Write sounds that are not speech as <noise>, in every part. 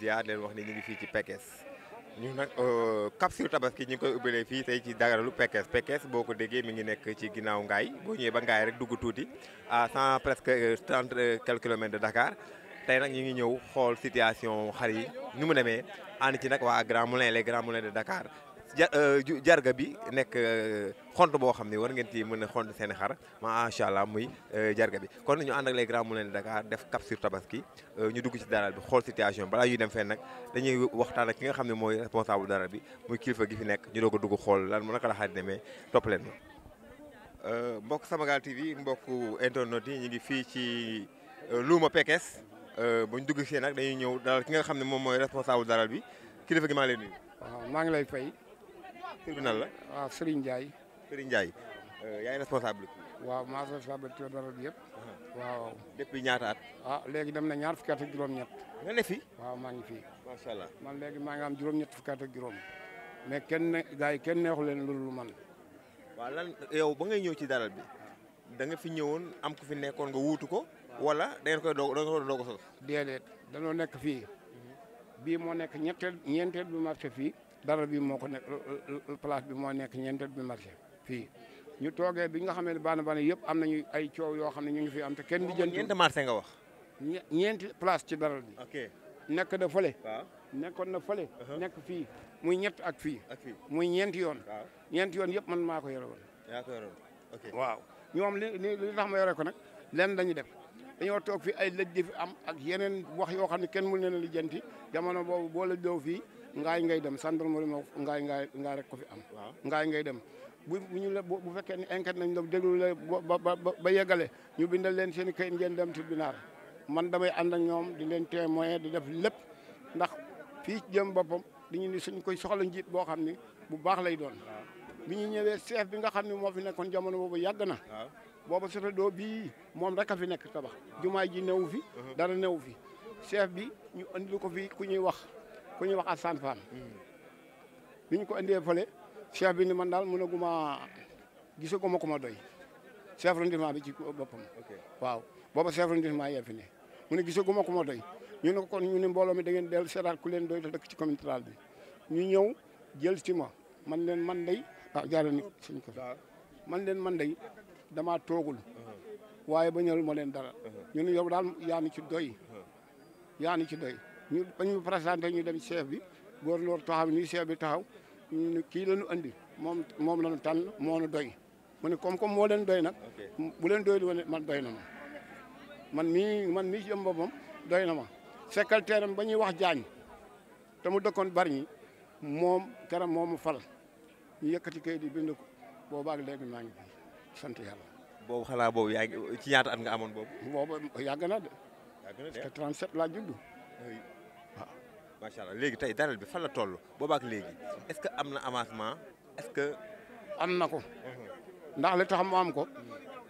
ziar leen wax ne ñu ngi fii ci Pekes ñu nag euh, capsule tabaski ñu ngi koy ubbilee fii tey ci dagaralu Pekes Pekes boo ko déggee mi ngi nekk ci ginnaaw Ngaay boo ñëwee ba Ngaay rek dugg tuuti à cent presque euh, trente euh, quelques kilomètres de Dakar tey nag ñu ngi ñëw xool situation xar yi ñu mu demee ànd ci nag waa Grand Moulin les Grands Moulins de Dakar Euh, jarga bi nekk euh, xont boo xam ni war ngeen ci mën a xont seen xar macha allah muy euh, jarga bi kon ñu ànd ak les grands moulins de Dakar def cap tabaski ñu dugg ci daral bi xool situation balaa ñuy dem fee nag dañuy waxtaan ak ki nga xam ne mooy responsable daral bi muy kilifa gi fi nekk ñu doog dugg xool lan mu naka la demee topp leen mbokk Samagal TV mbokk internet yi ñu ngi fii ci Louma Pekes bu ñu dugg fii nag dañuy ñëw daral ki nga xam ne moom mooy responsable daral bi kilifa gi maa ngi lay maa ngi lay fay. tur bi nan la. waaw Serigne Ndiaye. Serigne euh, yaay responsable. waaw maa responsable ci dara bi yëpp. Uh-huh. waaw. depuis ñaata at. ah léegi dem na ñaar fukki at ak juróom-ñett. nga ne fi. waaw maa ngi fi. macha allah man léegi maa am juróom-ñett fukki at ak juróom. mais kenn ne gars yi kenn neexu leen loolu man. waaw yow ba ngay ñëw ci daral bi. da nga fi ñëwoon am ku fi nekkoon nga wutu ko. wala da ngeen koy doog da ngeen koy doog a sos. déedéet nekk fi mm-hmm. bii moo nekk ñetteel ñeenteel bi marché fii. dara bi moo ko nekk place bi moo nekk ñeenteel bi marché fii ñu toogee bi nga xamee ne baana baana yëpp am nañu ay coow yoo xam ne ñu ngi fi am te kenn di jënd ñeent marché nga wax ñeenti place ci dara bi nekk na fële nekkoon na fële uh-huh. nekk fii muy ñett ak fii muy ñeenti yoon ñeenti yoon yëpp man maa ko ko yore woon ok waaw ñoom li li tax ma yore ko nag leen dañu dem dañoo toog fi ay lëj fi am ak yeneen wax yoo xam ne kenn mënu leen a lijjanti jamono boobu boo lëj doo fii ngaay ngay dem gendarmerie moo ngaay ngaay ngaay rek ko fi am. ngaay ngay dem bu ñu la bu fekkee ne enquête nañ la déglu la ba ba ba yeggale ñu bindal leen seen i kayit ngeen dem tribunal man damay ànd ak ñoom di leen témoin di def lépp ndax fii jëm boppam dañu ni suñ koy soxla njiit boo xam ni bu baax lay doon. bi ñu ñëwee chef bi nga xam ne moo fi nekkoon jamono boobu yàgg na. booba doo bii moom rek a fi nekk tabax jumaay ji newu fi uh-huh. dara newu fi chef bi ñu andil ko fi ku ñuy wax ku ñuy wax Assane Fall mm. bi ñu ko andee fële chef bi ni man daal mënaguma gisaguma ko ma doy chef arrondissement bi ci boppam waaw booba chef arrondissement yee fi ne mu ne gisaguma ko ma doy ñu ne ko kon ñu ne mbooloo mi da ngeen dellu seetaat ku leen doy te dëkk ci commune rurale bi ñu ñëw jël ci man leen man day waaw ah, jaarale ni suñ man leen man day dama toogul waaye ba ma leen dara ñu ne yow daal yaa yaanu ci doy yaanu ci doy ñu ba ñu présenté ñu dem chef bi góorlóor taxaw ni chef bi taxaw ñu kii la ñu andi moom moom la ñu tànn moo ñu doy mu ne comme comme moo leen doy nag bu leen doy lu man doy na ma man mii man mii ci boppam doy na ma secrétaire am ba ñuy wax jaañ te mu dëkkoon bari ñi moom keroog moomu fal ñu yëkkati kayit yi bind ko boobaag léegi maa ngi sant yàlla. boobu xanaa boobu yaa ci ñaata at nga amoon boobu. boobu yàgg na de. yàgg na de parce que 37 laa judd. waaw. macha allah léegi tey daral bi fan la toll boobaak léegi est-ce que am na avancement est-ce que. am na ko. ndax li tax mu am ko.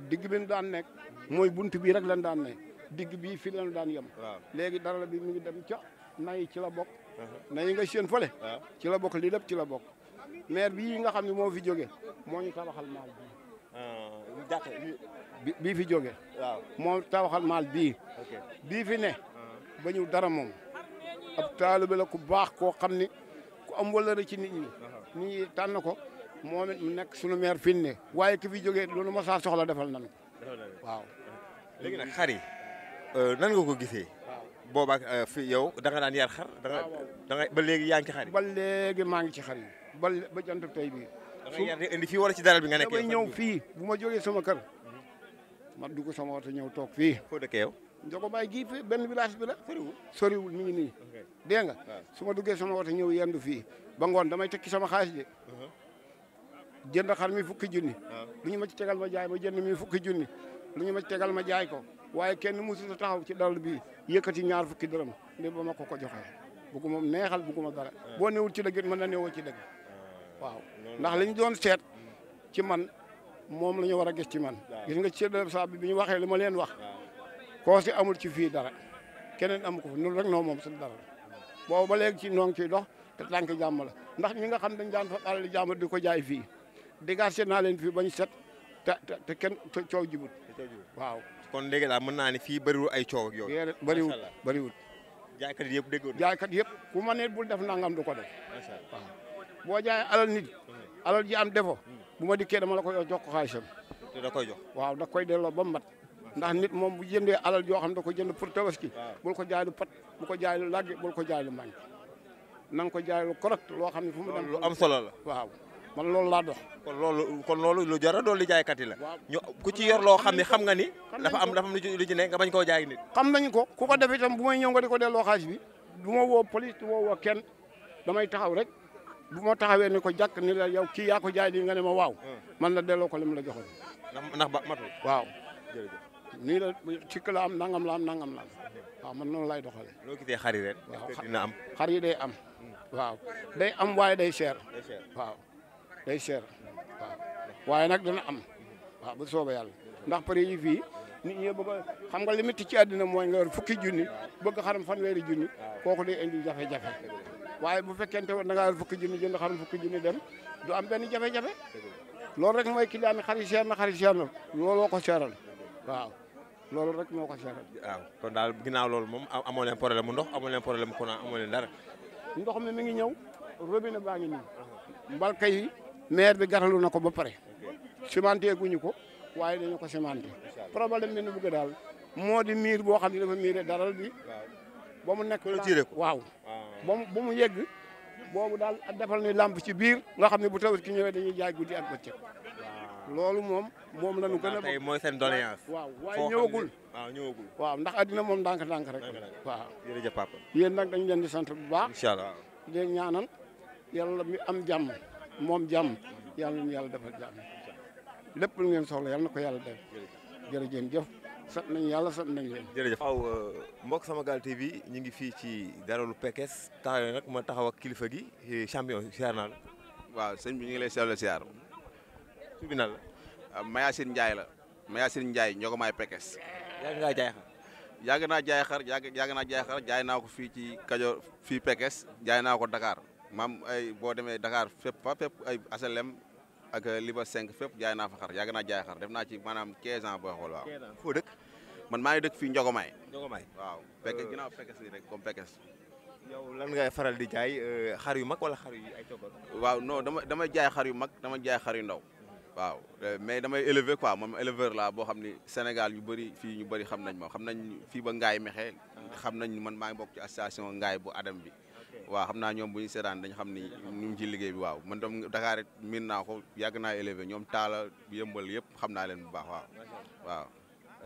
digg bi ñu daan nekk. mooy bunt bii rek lañ daan nekk. digg bii fii lañ daan yem. waaw léegi daral bi mi ngi dem ca nay ci la bokk. nay nga séen fële. ci la bokk lii lépp ci la bokk. maire bii nga xam ne moo fi jógee moo ñu tabaxal maal bi. dàqe fi jóge waaw moo tabaxal maal bii bii fi ne ba ñu dara moom ab ba la ku baax koo xam ni ku am wëllëre ci nit ñi nit ñi tànn ko moom mu nekk sunu maire fi ne waaye ki fi jóge loolu ma saa soxla defal na ko waaw léegi nag xar yi euh, nan nga ko gisee boobaak euh, fi yow da nga daan yar xar ba léegi yaa ngi ci ba léegi maa ngi ci xar yi ba ba jant tey bii da indi fii wala ci daral bi nga nekk damay ñëw fii bu ma jógee sama kër ma dugg sama oto ñëw toog fii foo dëkk yow Njogo Baay gi benn village bi la soriwul soriwul ngi nii dégg nga ah. su ma duggee sama oto ñëw yendu fii ba ngoon damay tekki sama xaalis de uh-huh. jënd xar mi fukki junni ah. lu ñu ma ci tegal ma jaay ma jënd mi fukki junni lu ñu ma tegal ma jaay ko waaye kenn musuta taxaw ci dal bi yëkkati ñaar fukki dërëm ma ba ma ko ko joxee bugguma neexal bugguma dara ah. boo newul ci dëgg mën na newoo ci dëgg waaw ndax li ñu doon seet ci man moom la ñu war a gis ci man. gis nga ci sa bi bi ñu waxee li ma leen wax. koo si amul ci fii dara keneen amu ko fa noonu rek noo moom suñu dara boobu ba léegi ci noo ngi ciy dox te tànk jàmm la ndax ñi nga xam dañ daan fa alal jàmm di ko jaay fii dégager naa leen fii bañ set te te kenn coow jibut waaw. kon léegi daal mën naa ne fii bëriwul ay coow ak yow. bëriwul bëriwul. jaaykat yëpp déggoon jaaykat yëpp ku ma bul def nangam du ko def. macha boo jaayee alal nit alal ji am defo bu ma dikkee dama la koy jox ko xaalisam. te da koy jox waaw da koy delloo ba mu mat. ndax nit moom bu jëndee alal joo xam da ko jënd pour tabaski. ki ko jaay lu pat bu ko jaay lu làgge bul ko jaay lu màññ. na ko jaay lu loo xam ne fu mu dem. lu am solo la waaw. man loolu laa dox. kon loolu kon loolu lu jar a li jaaykat yi la. ñu ku ci yor loo xam ne xam nga ni. dafa am dafa am ci ne nga koo jaay nit. xam nañu ko ku ko def itam bu may ñëw nga di ko delloo xaalis bi du ma woo police du ma woo kenn damay taxaw rek bu ma taxawee ni ko jàkk ni la yow kii yaa ko jaay di nga ne ma waaw hmm. man la delloo ko li mu la joxoon ndax ba matul waaw nii la cikk la am nangam la am nangam la am waaw man noonu lay doxale loo gisee xar yi ren dina am xar yi day am hmm. waaw day am waaye day cher waaw day cher waaw waaye nag dana am waaw bu soobee yàlla ndax prix yi fii nit ñi bëgg xam nga limite ci àddina mooy nga fukki junni bëgg xaram fanweeri junni kooku day indi jafe-jafe waaye bu fekkente woon da ngaa yor fukki junni jënd xarum fukki junni dem du am benn jafe-jafe loolu rek mooy client am xarit cher na xarit cher na looloo ko seeral waaw loolu rek moo ko seeral. waaw kon daal ginnaaw loolu moom amoo leen problème mu ndox amoo leen problème mu courant amoo dara. ndox mi mi ngi ñëw robinet baa ngi nii mbalka yi bi garalu na ko ba pare cimenté ñu ko waaye dañu ko cimenté problème bi nu bëgg daal moo di miir boo xam ne dafa miiree daral bi ba mu nekk. waaw ba mu ba mu yegg boobu daal defal ni làmp ci biir nga xam ne bu tawit ci ñëwee dañuy jaay guddi ak bëccëg. loolu moom moom la ñu gën a. tey mooy seen waaw waaye ñëwagul waaw ñëwagul. waaw ndax addina moom ndànk-ndànk rek. waaw jërëjëf papa. yéen nag dañu leen di sant bu baax. incha allah di ñaanal yàlla mi am jàmm moom jàmm yàlla na yàlla defal jàmm lépp lu ngeen soxla yàlla na ko yàlla def jërëjëf jëf sant nañu yàlla sant nañu leen. jërëjëf waaw euh, mbokk Samagal TV ñu ngi fii ci daralu Pekes taxawee nag ma taxaw ak kilifa gi euh, champion siyaar naa la. waaw sëñ bi ñu ngi lay seetlu siyaar. tur bi nan la. Ah, Mayacine Ndiaye la may Ndiaye ñoo ko maay Pekes. yàgg naa jaay xar yàgg yàgg naa jaay xar jaay naa ko fii ci Kajoor fii Pekes jaay naa ko dakaar maam boo demee Dakar fépp fa fépp ay asalem ak liba cinq fépp jaay naa fa xar yàgg naa jaay xar def naa ci manaam 15 ans boo xool waaw. 15 dëkk man maa ngi dëkk fii Ndiogomaye. Ndiogomaye waaw pekes euh. ginnaaw pekes yi rek comme pekes. yow lan ngay faral di jaay euh, xar yu mag wala xar yu ay waaw non dama damay jaay xar yu mag dama jaay yu ndaw. waaw euh, mais damay élever quoi moom éleveur la boo xam ni Sénégal yu bëri fii ñu bëri xam nañ ma xam nañ fii ba ngaay Mexe. Ah. xam nañ man maa ngi bokk ci association Ngaye bu Adam bi. waaw xam naa ñoom bu ñu seetaan dañ xam ni ñu ngi ci liggéey bi waaw man tam Dakar it miin ko yàgg naa élevé ñoom taala yëmbal yëpp xam naa bu baax waaw waaw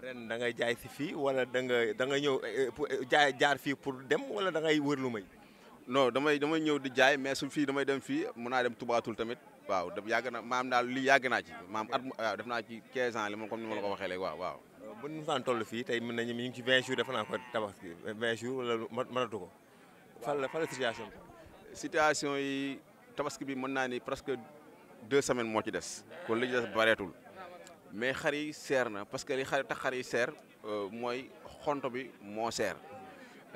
ren da ngay jaay si fii wala da nga da nga ñëw eh, eh, jaay jaar fii pour dem wala da ngay wër lu may non damay damay ñëw di jaay mais su fii damay dem fii mun naa dem tubaatul tamit waaw yàgg na maam daal li yàgg naa ci maam at waaw def naa ci 15 ans moom comme ni ma la ko waxee léegi waaw waaw bu saan toll fii tey mën nañu ñu ngi ci 20 jours defe naa ko tabax 20 jours wala mënatu ko fan la fan la situation bi. situation yi tabaski bi mën naa ni presque deux semaines moo ci des kon li ci bareetul mais xar yi seer na parce que li xar tax xar seer euh, mooy xonto bi moo seer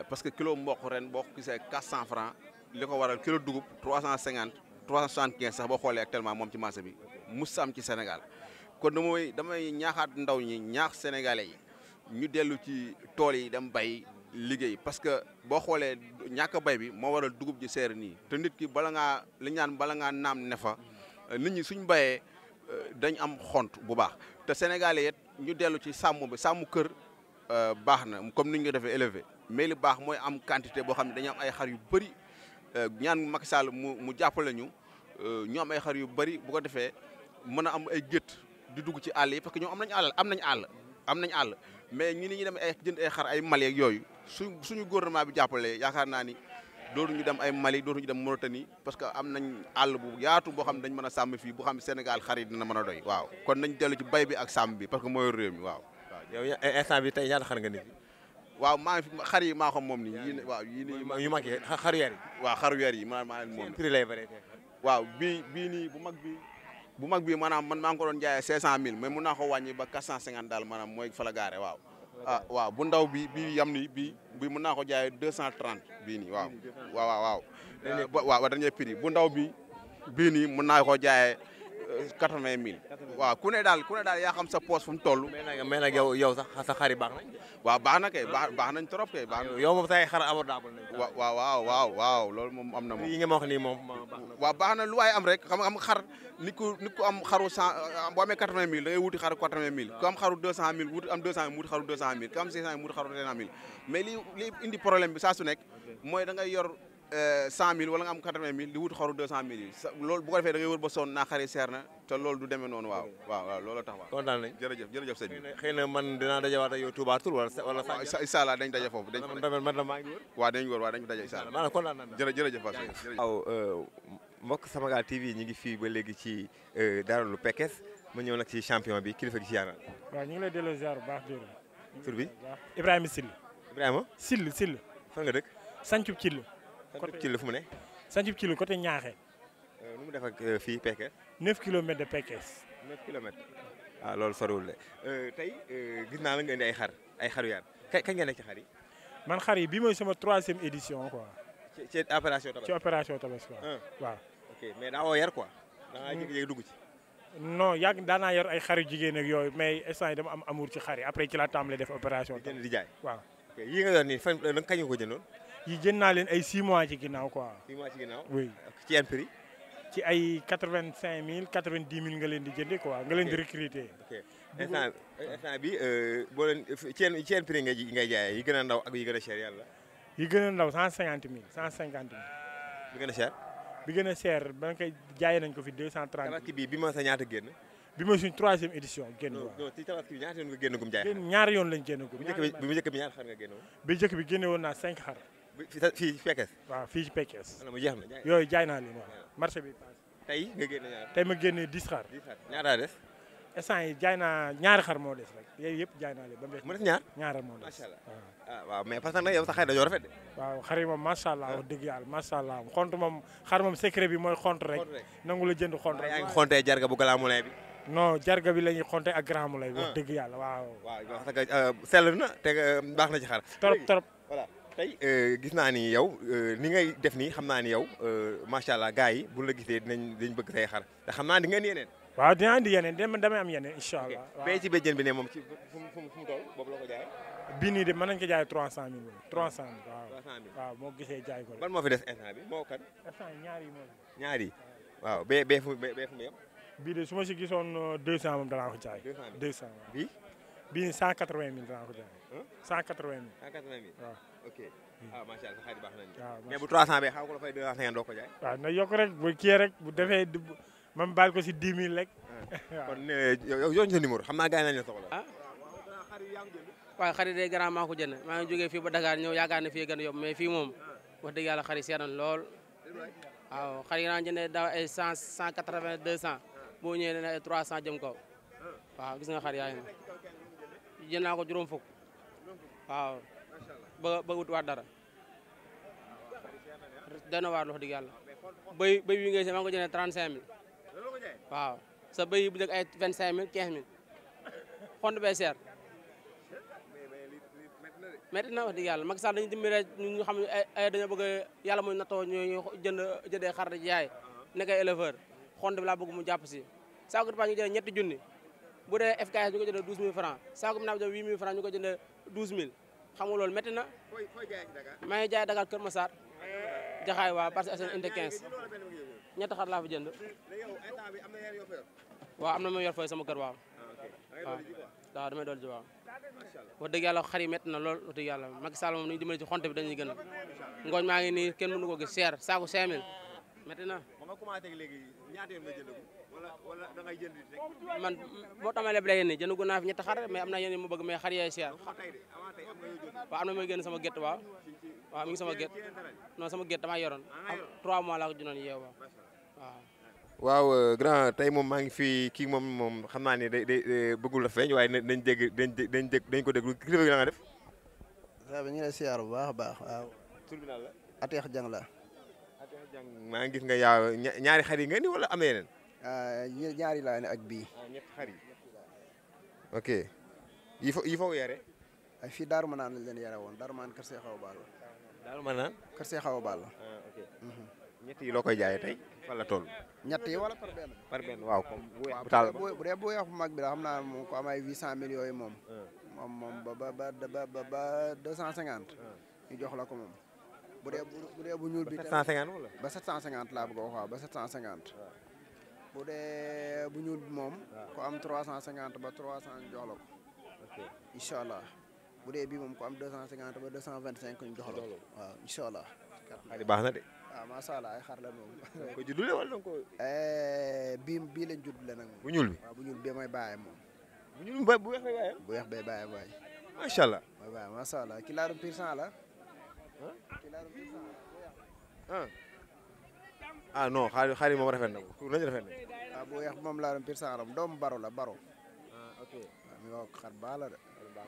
parce que kilo mboq ren boo ko gisee quatre cent franc li ko waral kilo dugub trois cent cinquante trois cent soixante quinze sax boo xoolee actuellement moom ci marché bi mus sam ci Sénégal kon damay damay ñaaxaat ndaw ñi ñaax sénégalais yi ñu dellu ci tool yi dem bay liggéey parce que boo xoolee ñàkk bay bi moo waral dugub ji seere nii te nit ki bala ngaa li ñaan bala ngaa naam ne fa euh, nit ñi suñ bayee euh, dañ am xont bu baax te sénégalais yet ñu dellu ci sàmm bi sàmm kër euh, baax na comme ni ñu ko defee élevé mais li baax mooy am quantité boo xam ne dañu am ay xar yu bëri ñaan Macky Sall mu mu jàppale ñu ñu am ay xar yu bëri bu ko defee mën a am ay gétt di dugg ci àll yi parce que ñoom am nañu àll am nañ àll am nañ àll mais ñu ni ñu dem ay jënd ay xar ay Mali ak yooyu suñ suñu gouvernement bi jàppale yaakaar naa ni dootuñu dem ay Mali dootuñu dem Mauritanie parce que am nañ àll bu yaatu boo xam ne dañ mën a sàmm fi boo xam ne Sénégal xar yi dina a doy. waaw kon nañ dellu ci bay parce que mooy réew mi waaw. waaw yow eh, instant bi tey ñaata xar maa ngi fi xar moom nii yii waaw yii nii yu waaw bi bu mag bi maanaam man maa ngi ko doon jaayee cinq cent mille mais mun naa ko ba quatre cent cinquante daal mooy fa waaw ah waaw bu ndaw bi bi yam ni bi bi mën naa ko jaayee deux cent trente bii nii waaw waaw waaw waaw ah, waaw dernier prix bu ndaw bi bii nii mën naa ko jaayee quatre vingt mille. waaw ku ne daal ku daal yaa xam sa poos fu mu nag yow yow sax sa baax nañ. waaw baax na kay baax baax trop kay. baax yow moom say xar abordable nañ. waaw waaw waaw waaw loolu moom am na moom. waaw baax na lu am rek xam nga am am xaru cent boo quatre vingt mille da ngay wuti quatre vingt mille. ku am xaru am mille wuti xaru xaru cinq mille mais li li problème bi saa su mooy da yor cent mille wala nga am quatre vingt mille di wut xoru deux cent mille yi sa loolu bu ko defee da ngay wër ba sonn naa xari seer na te loolu du demee noonu waaw waaw waaw a tax waaw kontaan nañ jërëjëf jërëjëf sëñ bi xëy na man dinaa dajawaat ak waaw dañ wër waaw dañ waaw euh, mbokk Samagal TV ñi ngi fi ba léegi ci euh, lu Pekes ma ñëw nag ci champion bi kilifa gi ci yaaral waaw ñu ngi lay delloo ziar bu baax tur bi Ibrahima Sill Ibrahima Sill Sill fan nga dëkk sancub Sill côté Thiel fu mu ne. Santhib Thiel côté Niakhé. Euh, nu mu def euh, fii Pekes. 9 kilomètres de Pekes. 9 kilomètres waaw ah, loolu soriwul de euh, tey gis naa la nga indi ay xar ay xaru yaat kañ kañ nga nekk ci xar yi. man xar yi bi mooy sama troisième édition quoi. ci ci opération tabaski ci opération tabaski quoi ah. waaw. ok mais daawoo yar quoi. da ngaa hmm. dugg ci. non yàgg daan naa yor ay xaru jigéen ak yooyu mais instant yi dama am amour ci xar yi après ci laa tàmbalee def opération. di jaay yi jën naa leen ay 6 mois ci ginnaaw quoi. 6 mois ci ginnaaw. oui ci yan prix. ci ay 85000 90000 nga leen di jëndee quoi nga leen di recruter. ok instant euh, instant bi euh, boo leen euh, ci yan ci yan yi gën a ndaw ak yi gën a cher yàlla. yi gën a ndaw 150000 150000. bi gën a cher. bi gën bi bi ma sa ñaata génn. bi mooy suñ troisième édition génn waaw non yoon nga génn gum jaay. génn ñaari yoon lañ génn gum. bi bu njëkk bi ñaari xar nga génn bi njëkk bi génne woon naa 5 xar. fii Pekes. waaw fii ci Pekes. ma jeex na yooyu jaay naa leen waaw marché bi paase. tey nga génne ñaar tey ma génne 10 xar. 10 xar ñaata des. instant yi jaay naa ñaari xar moo des rek yooyu yëpp jaay naa leen ba mu des. mu des ñaar ñaari moo des. macha allah waaw ah, waaw mais parce que nag yow sax xar dañoo rafet de. waaw xar yi moom macha allah wax dëgg yàlla macha allah xont moom xar moom secret bi mooy xont rek. xont rek nangu la jënd xont rek. yaa ngi xontee jarga bu galaamu lay bi. non jarga bi la ñuy xonte ak grand mu lay. wax ah. dëgg yàlla waaw. waaw euh, sell na te euh, baax na ci xar. trop trop voilà tey euh, gis naa ni yow euh, ni ngay def nii xam naa ni yow euh, macha allah gars yi bu la gisee dinañ dinañ bëgg say xar te xam naa di ngeen yeneen. waaw dinaa indi yeneen dama damay am yeneen incha allah. waaw bee ci béjjén bi ne moom ci fu mu fu mu toll ko jaayee. bii nii de mën nañ ko jaayee trois cent mille. trois waaw moo gise jaay ko. ban moo fi des instant bi moo kan. instant ñaar yi moo ñaar waaw bee bee fu bee de su ma si gisoon deux cent moom danaa ko jaay. deux cent bii cent quatre vingt mille laa ko jaayee. cent ah, baax nañu. waaw bu trois cent ko la fay deux na yokk rek bu kii rek bu defee man baal ko si dix rek. Ah. <laughs> kon nee eh, yow yow sa numéro xam naa gars yi nañu la soxla. ah waaw xarit day maa ko jënd maa ngi jógee fii ba Dakar ñëw yaakaar ne fii gën a yomb mais fii moom wax dëgg yàlla xarit seer na lool waaw xarit yi daan jëndee daaw ay cent cent quatre vingt deux cent boo ñëwee ne ay trois cent jëm kaw waaw gis nga xarit yaa jënd naa ko juróom fukk waaw ba ba wut waat dara dana waar wax dëgg yàlla béy béy wi ngay see maa ko jëndee trente cinq mille waaw sa béy bu njëkk ay vingt cinq mille quinze mille xont bee seer metti na wax dëgg yàlla Macky Sall dañu dimbale ñu xam ne ay dañoo yàlla mooy nattoo ñooy jënd jëndee xar jaay nekk ay éleveur xont bi laa bëgg mu jàpp si saa ko ñu jëlee ñetti junni bu dee FKS ñu ko jëndee 12000F saako bi naaf jëm 8000F ñu ko jëndee 12000 xam nga loolu métti na. fooy fooy jaayee Dakar. maa ngi jaayee Dakar Kër Massar. jaxaay waa parce que unité 15. ñetti xar laa fa jënd. waaw am na ma yor fooy sama kër waaw. Ah, waaw waaw damay dool ji waaw. wax yàlla xar yi métti na lool wax yàlla Macky Sall moom ni ñu dimbali ci xonte bi dañuy gën a. ngooñ maa ngi nii kenn mënu ko gis seer saako 5000 métti na. ba nga commencé léegi ñaata yoon man boo tama ma leb léegi nii jëndu naa fi ñetti xar mais am na yeneen mu bëgg mais xar yaay seer waaw am na mooy génn sama get waaw waaw mi ngi sama gétt non sama gétt damaa yoroon ah, trois mois la ko junoon yeew waaw euh, grand tey moom maa ngi fi kii moom moom xam naa ni day day bëggul la feeñ waaye dañ dégg dañ dañ dégg dañ ko déglu kilifa gi nga def saa bi ñu lay siyaar bu baax a baax waaw tur bi naan la ateex jàng la maa ngi gis nga yaa ñaari xar yi nga ni wala am na Euh, ñaari laa ne ak bii. Ah, ñetti xar yi. ok yi fo yi foo yare. ay fii Darou Manane lañ leen yare woon Darou Manane Kër Seex Awa Balla. Darou Manane. Kër Seex Awa Balla. Ah, ok mhm. ñett yi loo koy jaayee tey fan la toll. ñett yi wala par benn. par benn waaw comme bu taal ba bu dee bu mag bi la xam naa moom ko am ay huit cent millions yi ah. moom. moom moom ba ba ba ba ba deux cent cinquante. ñu jox la ko moom. bu dee bu bu dee bu ñuul bi. ba sept ba sept cent cinquante laa bëgg a waaw ba sept cent cinquante. bu dee bu ñuul bi moom. ku am trois cent ba trois cent ñu jox allah bu dee bii moom ku am deux cent cinquante ba deux cent vingt cinq ñu jox la ko. allah. xar baax na de. waaw ah, macha allah ay xar la moom. ko juddule eh, bii bii lañ juddule nag. bu ñuul bi bu ñuul bi mooy bàyyam moom. bu ñuul bu bu weex bay bàyyam. bu weex bay bàyyam waay. macha allah. waaw macha allah kilaaru pur sang la. la. ah non xaar xaar yi moom rafet na ko tur nañu rafet na waaw bu weex moom laa doon pir sangaram doomu la baro mu ah, ok waaw ah, nga ko xar baa la de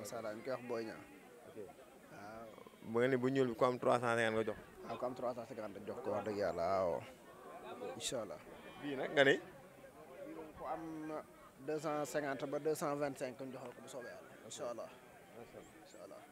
macha allah ñu koy wax booy ñaa waaw bu nga ne bu ñuul bi ku am trois cent cinquante nga jox ah, ko wax dëgg yàlla waaw allah bii nag am deux cent cinquante ba deux cent vingt cinq ñu joxal ko bu soobee yàlla incha allah incha allah